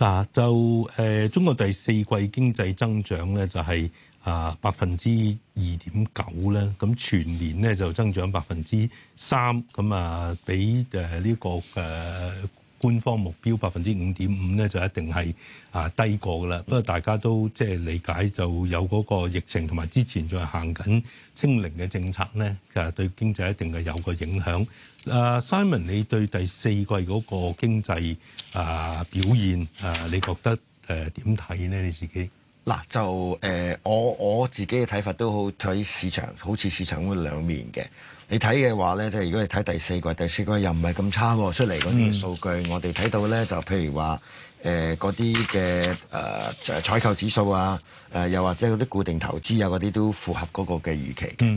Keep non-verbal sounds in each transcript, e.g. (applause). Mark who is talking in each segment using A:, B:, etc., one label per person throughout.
A: 嗱、啊，就誒、呃、中國第四季經濟增長咧，就係啊百分之二點九咧，咁、呃、全年咧就增長百分之三，咁啊比誒呢、呃呢個誒。呃官方目標百分之五點五咧，就一定係啊低過噶啦。不過大家都即係理解，就有嗰個疫情同埋之前仲係行緊清零嘅政策咧，就係對經濟一定係有個影響。啊，Simon，你對第四季嗰個經濟啊表現啊，你覺得誒點睇咧？你自己嗱就誒、呃，我我
B: 自己嘅睇法都好睇市場，好似市場會兩面嘅。你睇嘅話咧，即、就、係、是、如果你睇第四季，第四季又唔係咁差喎、哦，出嚟嗰啲數據我，我哋睇到咧，就譬如話誒嗰啲嘅誒採購指數啊，誒、呃、又或者嗰啲固定投資啊，嗰啲都符合嗰個嘅預期嘅。咁誒、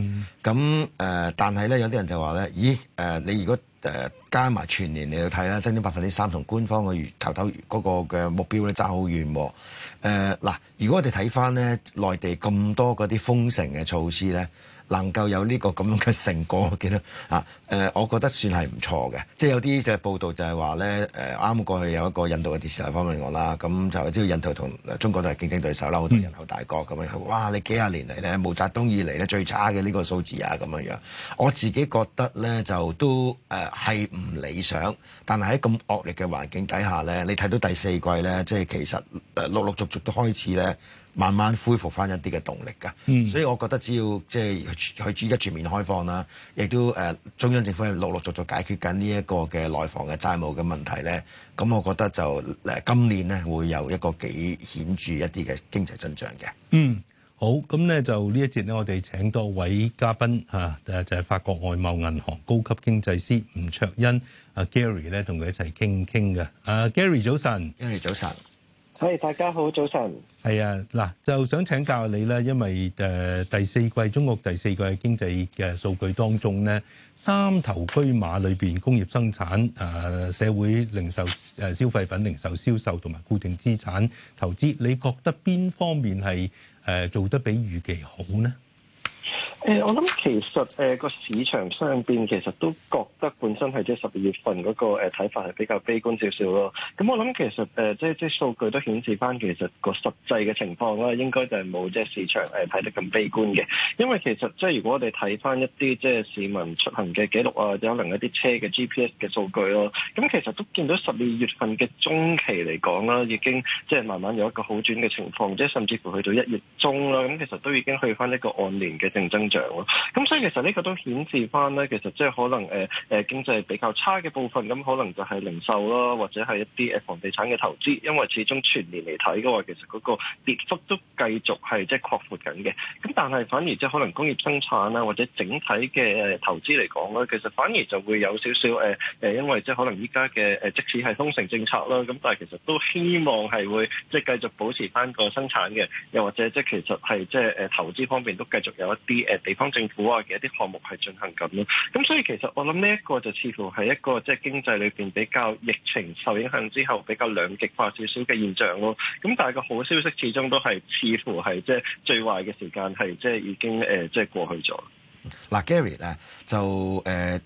B: 嗯呃，但係咧有啲人就話咧，咦誒、呃、你如果誒、呃、加埋全年嚟睇啦，增長百分之三，同官方嘅頭頭嗰個嘅目標咧爭好遠喎、哦。嗱、呃，如果我哋睇翻咧內地咁多嗰啲封城嘅措施咧。能夠有呢個咁樣嘅成果我記得，誒、呃，我覺得算係唔錯嘅。即係有啲嘅報道就係話咧，誒、呃，啱過去有一個印度嘅電視台訪問我啦，咁就知道印度同中國都係競爭對手啦，好多人口大國咁樣。哇！你幾廿年嚟咧，毛澤東以嚟咧最差嘅呢個數字啊咁樣樣。我自己覺得咧就都誒係唔理想，但係喺咁惡劣嘅環境底下咧，你睇到第四季咧，即係其實誒、呃、陸陸續續都開始咧。慢慢恢復翻一啲嘅動力噶，嗯、所以我覺得只要即係佢依家全面開放啦，亦都誒、呃、中央政府係陸,陸陸續續解決緊呢一個嘅內房嘅債務嘅問題咧，咁我覺得就誒今年咧會有一個幾顯著一啲嘅經濟增長嘅。
A: 嗯，好，咁咧就呢一節咧，我哋請多位嘉賓嚇，誒、啊、就係、是、法國外貿銀行高級經濟師吳卓殷阿、啊、Gary 咧，同佢一齊傾傾嘅。阿 Gary 早晨，Gary 早晨。喂，hey, 大家好，早晨。係啊，嗱，就想請教你啦，因為誒、呃、第四季中國第四季經濟嘅數據當中咧，三頭驅馬裏邊，工業生產、誒、呃、社會零售、誒消費品零售銷售同埋固定資產投資，你覺得邊方面係誒、呃、做得比預期好呢？誒、呃，我諗
C: 其實誒個、呃、市場上邊其實都覺得本身係即係十二月份嗰、那個誒睇、呃、法係比較悲觀少少咯。咁、嗯、我諗其實誒、呃、即係即係數據都顯示翻，其實個實際嘅情況啦，應該就係冇即係市場係睇、呃、得咁悲觀嘅。因為其實即係如果我哋睇翻一啲即係市民出行嘅記錄啊，或者有可能一啲車嘅 GPS 嘅數據咯。咁、嗯、其實都見到十二月份嘅中期嚟講啦，已經即係慢慢有一個好轉嘅情況，即係甚至乎去到一月中啦，咁、嗯、其實都已經去翻一個按年嘅定增長咯，咁所以其實呢個都顯示翻咧，其實即係可能誒誒、呃、經濟比較差嘅部分，咁可能就係零售咯，或者係一啲誒房地產嘅投資，因為始終全年嚟睇嘅話，其實嗰個跌幅都繼續係即係擴闊緊嘅。咁但係反而即係可能工業生產啦，或者整體嘅投資嚟講咧，其實反而就會有少少誒誒，因為即係可能依家嘅誒，即使係通城政策啦，咁但係其實都希望係會即係繼續保持翻個生產嘅，又或者即係其實係即係誒投資方面都繼續有一啲誒地方政府啊嘅一啲項目係進行緊咯，咁所以其實我諗呢一個就似乎係一個即係經濟裏邊比較疫情受影響之後比較兩極化少少嘅現象咯。咁但係個好消息始終都係似乎係即係最壞嘅時間係即係已經誒即係過去咗。
B: 嗱 Gary 咧就誒。呃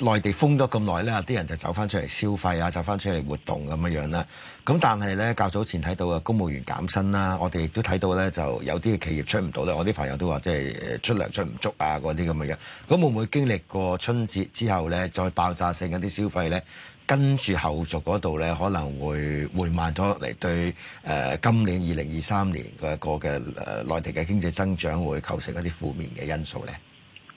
B: 內地封咗咁耐咧，啲人就走翻出嚟消費啊，走翻出嚟活動咁樣樣啦。咁但係咧，較早前睇到嘅公務員減薪啦，我哋亦都睇到咧，就有啲企業出唔到啦。我啲朋友都話，即係出糧出唔足啊，嗰啲咁嘅樣。咁會唔會經歷過春節之後咧，再爆炸性一啲消費咧，跟住後續嗰度咧，可能會緩慢咗落嚟，對誒今年二零二三年嘅個嘅誒內地嘅經濟增長會構成一啲負面嘅因素咧？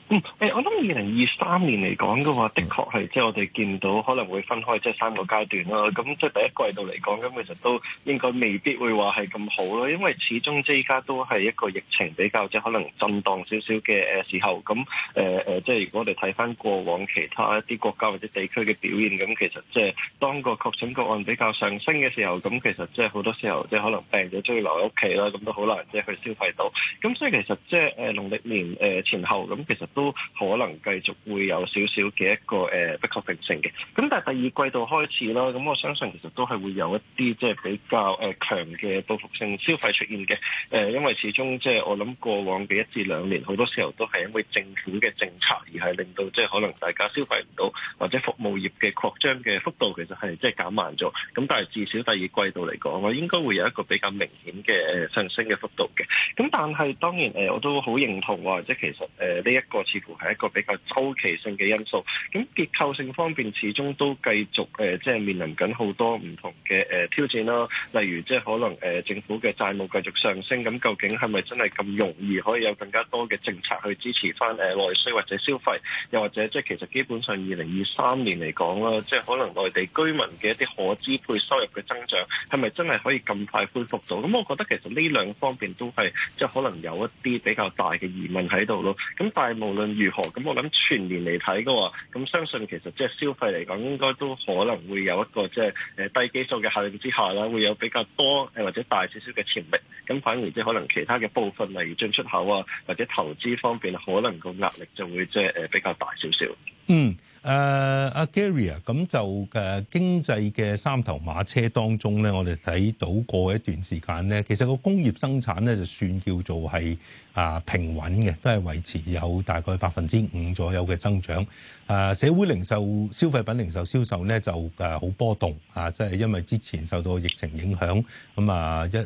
C: 嗯，誒，我諗二零二三年嚟講嘅話，的確係即係我哋見到可能會分開即係三個階段啦。咁即係第一季度嚟講，咁其實都應該未必會話係咁好咯，因為始終即係依家都係一個疫情比較即係可能震盪少少嘅誒時候。咁誒誒，即、呃、係如果我哋睇翻過往其他一啲國家或者地區嘅表現，咁其實即係當個確診個案比較上升嘅時候，咁其實即係好多時候即係可能病咗都要留喺屋企啦，咁都好難即係去消費到。咁、嗯、所以其實即係誒農曆年誒前後咁，其實，都可能繼續會有少少嘅一個誒不確定性嘅，咁但係第二季度開始啦，咁我相信其實都係會有一啲即係比較誒強嘅報復性消費出現嘅，誒因為始終即係我諗過往嘅一至兩年好多時候都係因為政府嘅政策而係令到即係可能大家消費唔到，或者服務業嘅擴張嘅幅度其實係即係減慢咗，咁但係至少第二季度嚟講，我應該會有一個比較明顯嘅上升嘅幅度嘅，咁但係當然誒我都好認同，即係其實誒呢一個。似乎係一個比較周期性嘅因素，咁結構性方面始終都繼續誒，即係面臨緊好多唔同嘅誒挑戰啦。例如即係可能誒政府嘅債務繼續上升，咁究竟係咪真係咁容易可以有更加多嘅政策去支持翻誒內需或者消費？又或者即係其實基本上二零二三年嚟講啦，即係可能內地居民嘅一啲可支配收入嘅增長係咪真係可以咁快恢復到？咁我覺得其實呢兩方面都係即係可能有一啲比較大嘅疑問喺度咯。咁但係無論如何，咁我諗全年嚟睇嘅話，咁相信其實即係消費嚟講，應該都可能會有一個即係誒低基數嘅效應之下啦，會有比較多誒或者大少少嘅潛力。咁反而即係可能其他嘅部分，例如進出口啊，或者投資方面，可能個壓力就會即係誒比較大少少。
A: 嗯。誒阿、uh, Gary 啊，咁就誒經濟嘅三頭馬車當中咧，我哋睇到過一段時間咧，其實個工業生產咧，就算叫做係啊平穩嘅，都係維持有大概百分之五左右嘅增長。誒社會零售消費品零售銷售咧就誒好波動啊，即係因為之前受到個疫情影響，咁啊一誒誒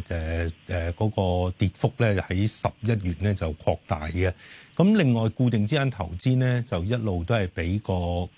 A: 誒誒嗰個跌幅咧喺十一月咧就擴大嘅。咁另外固定資產投資呢，就一路都係俾個誒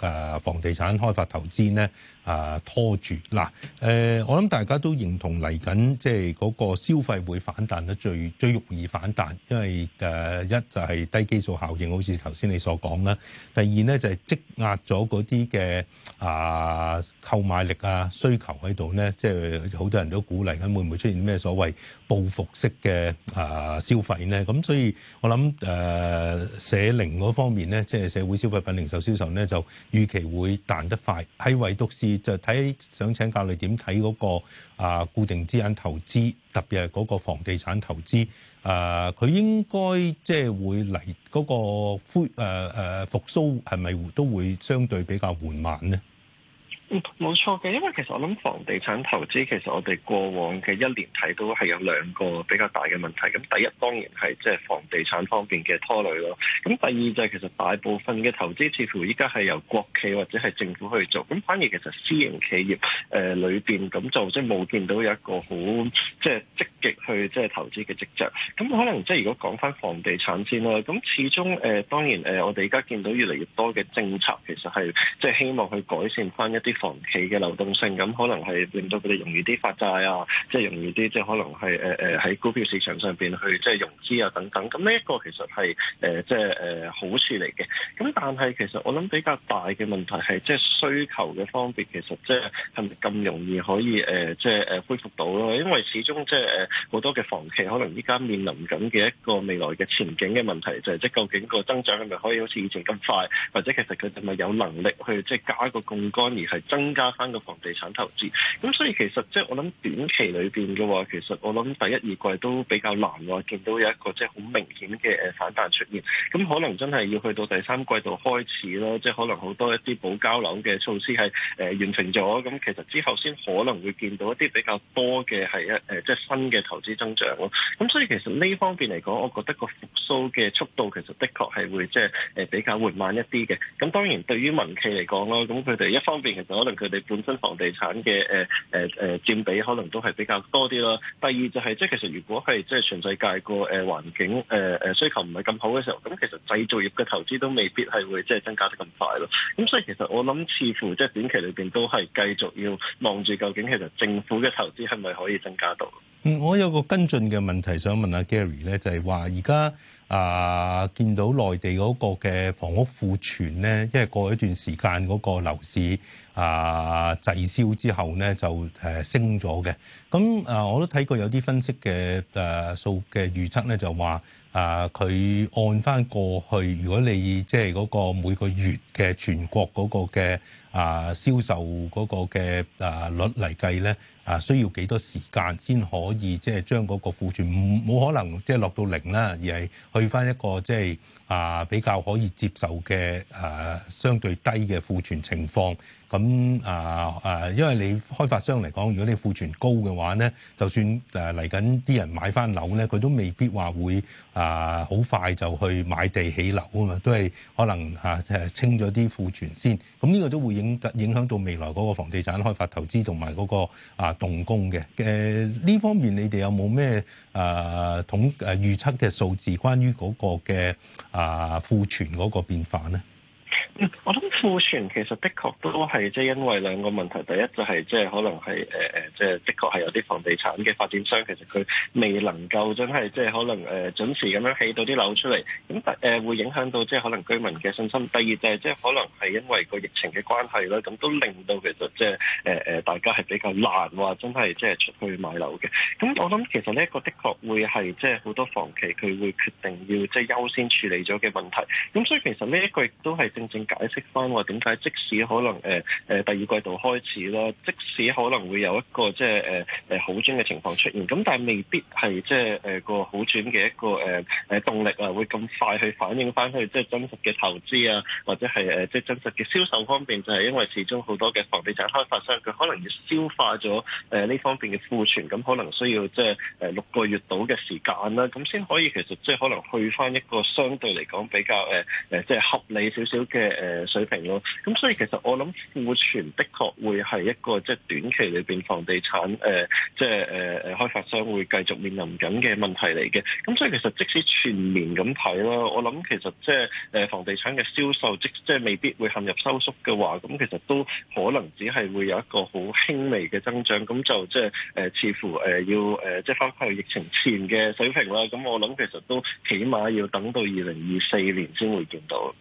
A: 房地產開發投資呢。啊拖住嗱，誒、呃、我諗大家都認同嚟緊，即係嗰個消費會反彈得最最容易反彈，因為誒、呃、一就係低基數效應，好似頭先你所講啦。第二咧就係積壓咗嗰啲嘅啊購買力啊需求喺度咧，即係好多人都鼓勵緊會唔會出現咩所謂報復式嘅啊、呃、消費咧？咁所以我諗誒、呃、社零嗰方面咧，即係社會消費品零售銷售咧，就預期會彈得快喺唯獨是。就睇想請教你點睇嗰個啊固定資產投資，特別係嗰個房地產投資啊，佢、呃、應該即係會嚟嗰個恢誒誒復甦，係咪都會相對比較緩慢咧？冇錯嘅，因為其實我諗房
C: 地產投資其實我哋過往嘅一年睇到係有兩個比較大嘅問題。咁第一當然係即係房地產方面嘅拖累咯。咁第二就係其實大部分嘅投資似乎依家係由國企或者係政府去做。咁反而其實私營企業誒裏邊咁做即係冇見到有一個好即係積極去即係投資嘅跡象。咁可能即係如果講翻房地產先啦，咁始終誒當然誒我哋而家見到越嚟越多嘅政策其實係即係希望去改善翻一啲。房企嘅流動性，咁可能係令到佢哋容易啲發債啊，即係容易啲，即係可能係誒誒喺股票市場上邊去即係融資啊等等。咁呢一個其實係誒、呃、即係誒、呃、好處嚟嘅。咁但係其實我諗比較大嘅問題，係即係需求嘅方面，其實即係係咪咁容易可以誒、呃、即係誒恢復到咯？因為始終即係誒好多嘅房企可能依家面臨緊嘅一個未來嘅前景嘅問題、就是，就係即係究竟個增長係咪可以好似以前咁快，或者其實佢係咪有能力去即係加一個槓杆而係。增加翻個房地產投資，咁所以其實即係我諗短期裏邊嘅話，其實我諗第一二季都比較難喎，見到有一個即係好明顯嘅誒反彈出現，咁可能真係要去到第三季度開始咯，即係可能好多一啲保交樓嘅措施係誒完成咗，咁其實之後先可能會見到一啲比較多嘅係一誒即係新嘅投資增長咯，咁所以其實呢方面嚟講，我覺得個復甦嘅速度其實的確係會即係誒比較緩慢一啲嘅，咁當然對於民企嚟講咯，咁佢哋一方面其實，可能佢哋本身房地產嘅誒誒誒佔比可能都係比較多啲咯。第二就係即係其實如果係即係全世界個誒環境誒誒需求唔係咁好嘅時候，咁其實製造業嘅投資都未必係會即係增加得咁快咯。咁所以其實我諗似乎即係短期裏邊都係繼續要望住究竟其實政府嘅投資係咪可以增加到？嗯，
A: 我有個跟進嘅問題想問下啊 Gary 咧，就係話而家。啊！見到內地嗰個嘅房屋庫存咧，因為過一段時間嗰個樓市啊滯銷之後咧，就誒升咗嘅。咁啊，我都睇過有啲分析嘅誒、啊、數嘅預測咧，就話啊，佢按返過去，如果你即係嗰個每個月嘅全國嗰個嘅。啊，銷售嗰個嘅誒率嚟計咧，啊需要幾多時間先可以即係將嗰個庫存，冇冇可能即係落到零啦，而係去翻一個即係啊比較可以接受嘅誒相對低嘅庫存情況。咁啊誒因為你開發商嚟講，如果你庫存高嘅話咧，就算誒嚟緊啲人買翻樓咧，佢都未必話會啊好快就去買地起樓啊嘛，都係可能啊清咗啲庫存先。咁呢個都會。影響到未來嗰個房地產開發投資同埋嗰個啊動工嘅，誒呢方面你哋有冇咩啊統誒預測嘅數字，關於嗰個嘅啊庫存嗰個變化咧？
C: 嗯，我諗庫存其實的確都係即係因為兩個問題，第一就係即係可能係誒誒，即係的確係有啲房地產嘅發展商其實佢未能夠真係即係可能誒準時咁樣起到啲樓出嚟，咁誒會影響到即係可能居民嘅信心。第二就係即係可能係因為個疫情嘅關係啦，咁都令到其實即係誒誒，大家係比較難話真係即係出去買樓嘅。咁我諗其實呢一個的確會係即係好多房企佢會決定要即係優先處理咗嘅問題。咁所以其實呢一個亦都係。正正解釋翻點解，即使可能誒誒第二季度開始啦，即使可能會有一個即係誒誒好轉嘅情況出現，咁但係未必係即係誒個好轉嘅一個誒誒動力啊，會咁快去反映翻佢。即係真實嘅投資啊，或者係誒即係真實嘅銷售方面，就係因為始終好多嘅房地產開發商佢可能要消化咗誒呢方面嘅庫存，咁可能需要即係誒六個月到嘅時間啦，咁先可以其實即係可能去翻一個相對嚟講比較誒誒即係合理少少嘅誒水平咯，咁所以其實我諗庫存的確會係一個即係短期裏邊房地產誒即係誒誒開發商會繼續面臨緊嘅問題嚟嘅。咁所以其實即使全年咁睇啦，我諗其實即係誒房地產嘅銷售即即係未必會陷入收縮嘅話，咁其實都可能只係會有一個好輕微嘅增長，咁就即係誒似乎誒要誒、呃、即係翻返去疫情前嘅水平啦。咁我諗其實都起碼要等到二零二四年先會見到。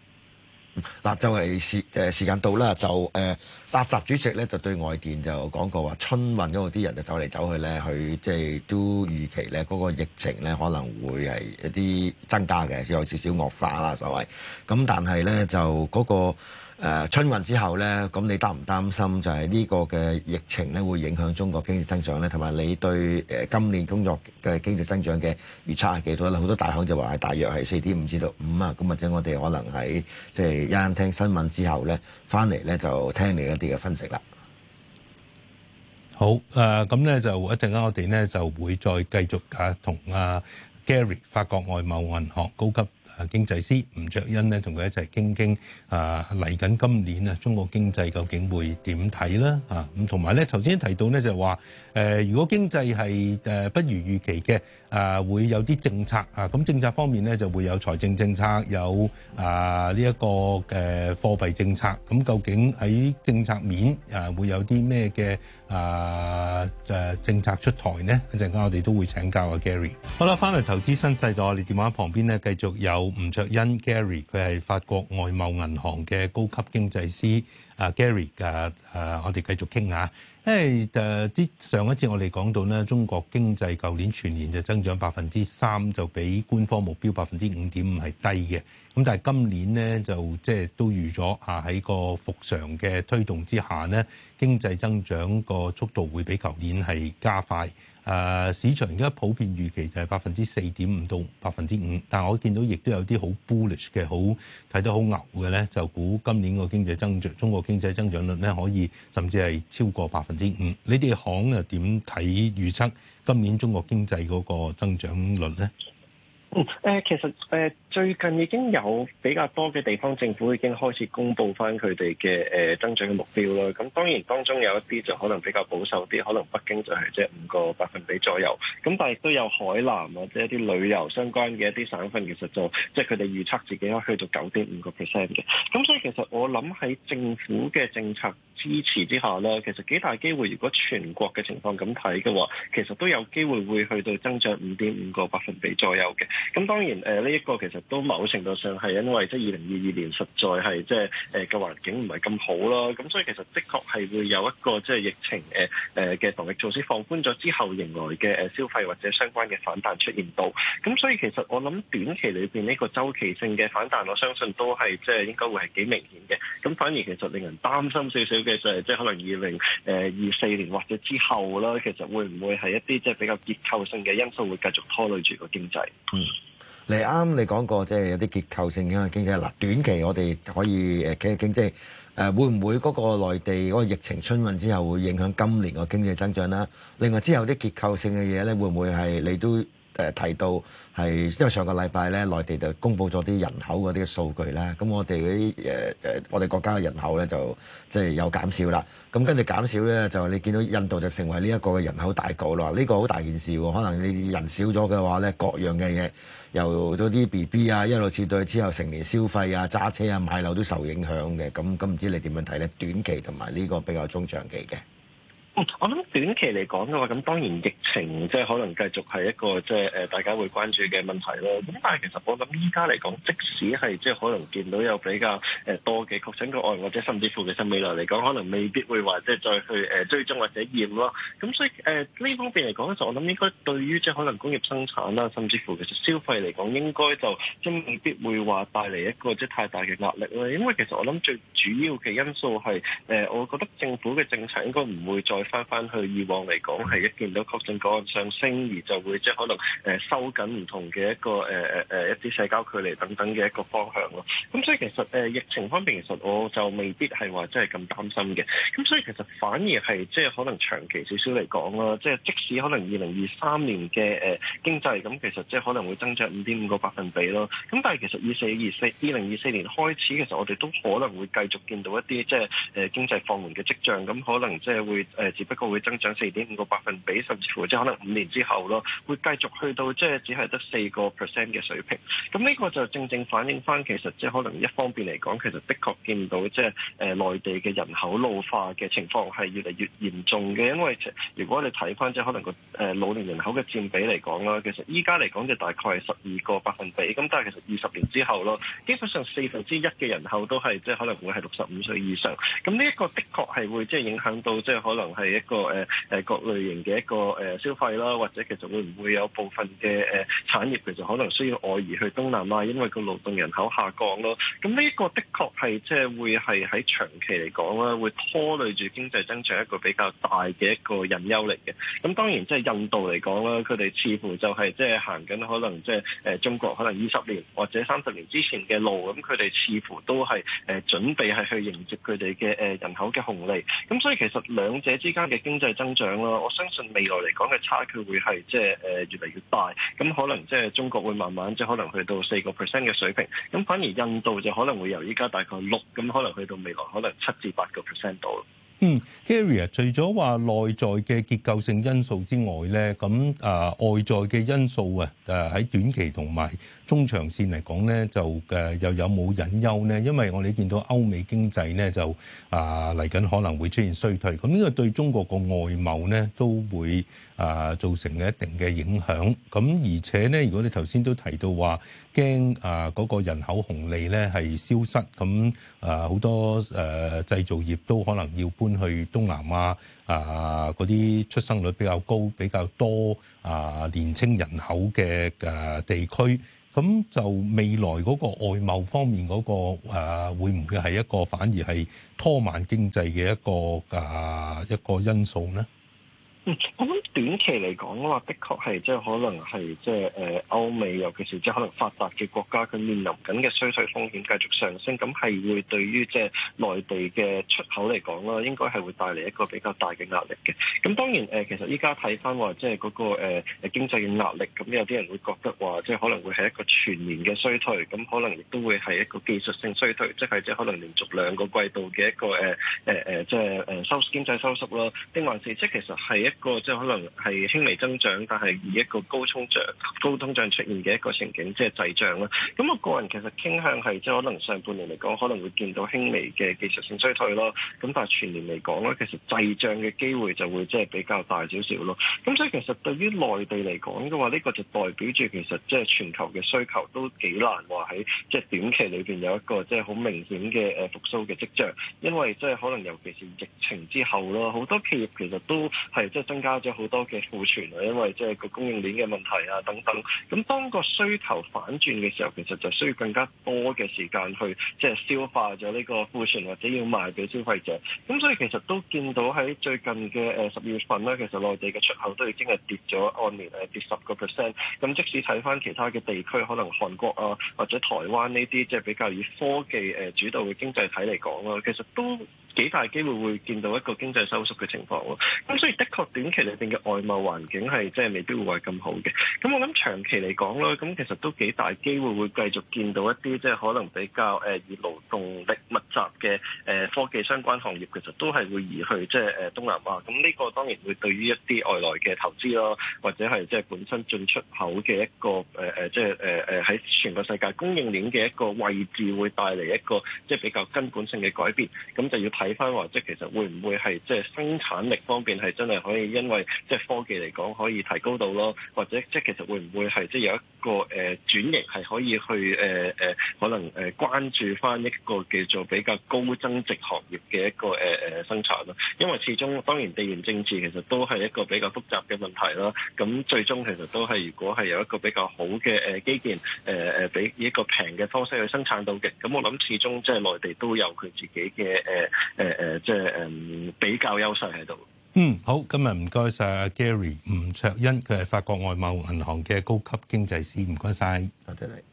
B: 嗱、嗯，就係時誒時間到啦，就誒阿、呃、習主席咧就對外電就講過話，春運嗰度啲人就走嚟走去咧，佢即係都預期咧嗰、嗰個疫情咧可能會係一啲增加嘅，有少少惡化啦，所謂咁，但係咧就嗰、嗰個。誒春運之後咧，咁你擔唔擔心就係呢個嘅疫情咧，會影響中國經濟增長咧？同埋你對誒今年工作嘅經濟增長嘅預測係幾多咧？好多大行就話係大約係四點五至到五啊，咁或者我哋可能喺即係一陣聽新聞之後咧，翻嚟咧就聽你一啲嘅分析啦。
A: 好，誒咁咧就一陣間我哋咧就會再繼續啊同阿 Gary 法國外貿銀行高級。經濟師吳卓殷咧，同佢一齊傾傾啊，嚟緊今年啊，中國經濟究竟會點睇啦？啊，咁同埋咧，頭先提到咧就係、是、話，誒、呃、如果經濟係誒不如預期嘅，啊會有啲政策啊，咁政策方面咧就會有財政政策，有啊呢一、這個誒貨幣政策，咁、啊、究竟喺政策面啊會有啲咩嘅？啊！誒、uh, uh, 政策出台咧，一陣間我哋都會請教啊。Gary。 (noise) 好啦，翻嚟投資新世代，我哋電話旁邊咧繼續有吳卓殷 Gary，佢係法國外貿銀行嘅高級經濟師。阿、uh, Gary 嘅誒，我哋繼續傾下。因為誒，之、hey, uh, 上一次我哋講到咧，中國經濟舊年全年就增長百分之三，就比官方目標百分之五點五係低嘅。咁但係今年咧就即係都預咗啊，喺個復常嘅推動之下呢，經濟增長個速度會比舊年係加快。誒、啊，市場而家普遍預期就係百分之四點五到百分之五，但我見到亦都有啲好 bullish 嘅，好睇得好牛嘅咧，就估今年個經濟增長，中國經濟增長率咧可以甚至係超過百百分之五，你哋行又點睇，預測今年中國經濟嗰個增長率咧？
C: 嗯，誒，其實誒、呃，最近已經有比較多嘅地方政府已經開始公布翻佢哋嘅誒增長嘅目標啦。咁當然當中有一啲就可能比較保守啲，可能北京就係即係五個百分比左右。咁但係亦都有海南或者一啲旅遊相關嘅一啲省份，其實就即係佢哋預測自己可以去到九點五個 percent 嘅。咁所以其實我諗喺政府嘅政策支持之下咧，其實幾大機會。如果全國嘅情況咁睇嘅話，其實都有機會會去到增長五點五個百分比左右嘅。咁當然誒呢一個其實都某程度上係因為即係二零二二年實在係即係誒嘅環境唔係咁好啦，咁、呃、所以其實的確係會有一個即係疫情誒誒嘅防疫措施放寬咗之後，迎來嘅誒、呃、消費或者相關嘅反彈出現到。咁、呃、所以其實我諗短期裏邊呢個周期性嘅反彈，我相信都係即係應該會係幾明顯嘅。咁、呃、反而其實令人擔心少少嘅就係即係可能二零誒二四年或者之後啦，其實會唔會係一啲即係比較結構性嘅因素會繼續拖累住個經濟？
B: 你啱，你講過即係有啲結構性嘅經濟啦。短期我哋可以誒、uh, 經濟，誒會唔會嗰個內地嗰、嗰個疫情春運之後會影響今年個經濟增長啦？另外之後啲結構性嘅嘢咧，會唔會係你都？誒提到係因為上個禮拜咧，內地就公布咗啲人口嗰啲數據咧，咁我哋啲誒誒我哋國家嘅人口咧就即係有減少啦。咁跟住減少咧，就你見到印度就成為呢一個嘅人口大國啦。呢個好大件事喎，可能你人少咗嘅話咧，各樣嘅嘢由咗啲 B B 啊一路至到之後成年消費啊、揸車啊、買樓都受影響嘅。咁咁唔知你點樣睇咧？短期同埋呢個比較中長期嘅。
C: 嗯，我諗短期嚟講嘅話，咁當然疫情即係可能繼續係一個即係誒大家會關注嘅問題咯。咁但係其實我諗依家嚟講，即使係即係可能見到有比較誒多嘅確診個案，或者甚至乎其實未來嚟講，可能未必會話即係再去誒追蹤或者驗咯。咁所以誒呢方面嚟講咧，就我諗應該對於即係可能工業生產啦，甚至乎其實消費嚟講，應該就都未必會話帶嚟一個即係太大嘅壓力咯。因為其實我諗最主要嘅因素係誒，我覺得政府嘅政策應該唔會再。翻翻去以往嚟講，係一見到確診個案上升而就會即係可能誒、呃、收緊唔同嘅一個誒誒誒一啲社交距離等等嘅一個方向咯。咁所以其實誒、呃、疫情方面其實我就未必係話真係咁擔心嘅。咁所以其實反而係即係可能長期少少嚟講啦，即係即使可能二零二三年嘅誒、呃、經濟咁、呃、其實即係可能會增長五點五個百分比咯。咁但係其實二四二四二零二四年開始其實我哋都可能會繼續見到一啲即係誒經濟放緩嘅跡象，咁可能即係會誒。呃只不過會增長四點五個百分比，甚至乎即係可能五年之後咯，會繼續去到即係只係得四個 percent 嘅水平。咁呢個就正正反映翻其實即係可能一方面嚟講，其實的確見到即係誒內地嘅人口老化嘅情況係越嚟越嚴重嘅。因為如果你睇翻即係可能個誒老年人口嘅佔比嚟講啦，其實依家嚟講就大概係十二個百分比。咁但係其實二十年之後咯，基本上四分之一嘅人口都係即係可能會係六十五歲以上。咁呢一個的確係會即係影響到即係可能。係一個誒誒各類型嘅一個誒消費啦，或者其實會唔會有部分嘅誒產業其實可能需要外移去東南亞，因為個勞動人口下降咯。咁呢個的確係即係會係喺長期嚟講啦，會拖累住經濟增長一個比較大嘅一個隱憂嚟嘅。咁當然即係印度嚟講啦，佢哋似乎就係即係行緊可能即係誒中國可能二十年或者三十年之前嘅路咁，佢哋似乎都係誒準備係去迎接佢哋嘅誒人口嘅紅利。咁所以其實兩者之依家嘅經濟增長啦，我相信未來嚟講嘅差距會係即係誒越嚟越大，咁可能即係中國會慢慢即係可能去到四個 percent 嘅水平，咁反而印度就可能會由依家大概六，咁可能去到未來可能七至八個 percent 度。嗯
A: ，Gary，除咗話內在嘅結構性因素之外咧，咁啊、呃、外在嘅因素啊，誒喺短期同埋，中長線嚟講咧，就誒又有冇隱憂呢？因為我哋見到歐美經濟咧就啊嚟緊可能會出現衰退，咁呢個對中國個外貿咧都會啊造成一定嘅影響。咁而且咧，如果你頭先都提到話驚啊嗰個人口紅利咧係消失，咁啊好多誒製造業都可能要搬去東南亞啊嗰啲出生率比較高、比較多啊年青人口嘅誒、啊、地區。咁就未來嗰個外貿方面嗰、嗰個誒、啊，會唔會係一個反而係拖慢經濟嘅一個誒、啊、一個因素咧？
C: 嗯，我諗短期嚟講嘅話，的確係即係可能係即係誒歐美，尤其是即係可能發達嘅國家，佢面臨緊嘅衰退風險繼續上升，咁係會對於即係內地嘅出口嚟講啦，應該係會帶嚟一個比較大嘅壓力嘅。咁當然誒，其實依家睇翻話，即係嗰個誒經濟嘅壓力，咁有啲人會覺得話，即係可能會係一個全年嘅衰退，咁可能亦都會係一個技術性衰退，即係即係可能連續兩個季度嘅一個誒誒誒，即係誒收經濟收縮咯。另外，四即係其實係一個即係可能係輕微增長，但係以一個高通脹、高通脹出現嘅一個情景，即係滯脹啦。咁我個人其實傾向係即係可能上半年嚟講，可能會見到輕微嘅技術性衰退咯。咁但係全年嚟講咧，其實滯脹嘅機會就會即係比較大少少咯。咁所以其實對於內地嚟講嘅話，呢、這個就代表住其實即係全球嘅需求都幾難話喺即係短期裏邊有一個即係好明顯嘅誒復甦嘅跡象，因為即係可能尤其是疫情之後咯，好多企業其實都係即係。增加咗好多嘅庫存啊，因為即係個供應鏈嘅問題啊等等。咁當個需求反轉嘅時候，其實就需要更加多嘅時間去即係消化咗呢個庫存，或者要賣俾消費者。咁所以其實都見到喺最近嘅誒十二月份咧，其實內地嘅出口都已經係跌咗按年誒跌十個 percent。咁即使睇翻其他嘅地區，可能韓國啊或者台灣呢啲即係比較以科技誒主導嘅經濟體嚟講啦，其實都。幾大機會會見到一個經濟收縮嘅情況。咁所以的確短期嚟講嘅外貿環境係即係未必會係咁好嘅，咁我諗長期嚟講咧，咁其實都幾大機會會繼續見到一啲即係可能比較誒以勞動力密集嘅誒科技相關行業，其實都係會移去即係誒東南亞，咁呢個當然會對於一啲外來嘅投資咯，或者係即係本身進出口嘅一個誒誒即係誒誒喺全個世界供應鏈嘅一個位置會帶嚟一個即係比較根本性嘅改變，咁就要。睇翻或者其實會唔會係即係生產力方面係真係可以因為即係科技嚟講可以提高到咯，或者即係其實會唔會係即係有一個誒轉型係可以去誒誒可能誒關注翻一個叫做比較高增值行業嘅一個誒誒生產咯，因為始終當然地緣政治其實都係一個比較複雜嘅問題啦。咁最終其實都係如果係有一個比較好嘅誒基建誒誒，以一個平嘅方式去生產到嘅，咁我諗始終即係內地都有佢自己嘅誒。誒誒、呃，即係誒、嗯、比較優勢喺度。
A: 嗯，好，今日唔該晒 Gary 吳卓殷，佢係法國外貿銀行嘅高級經濟師，唔該晒，
B: 多謝你。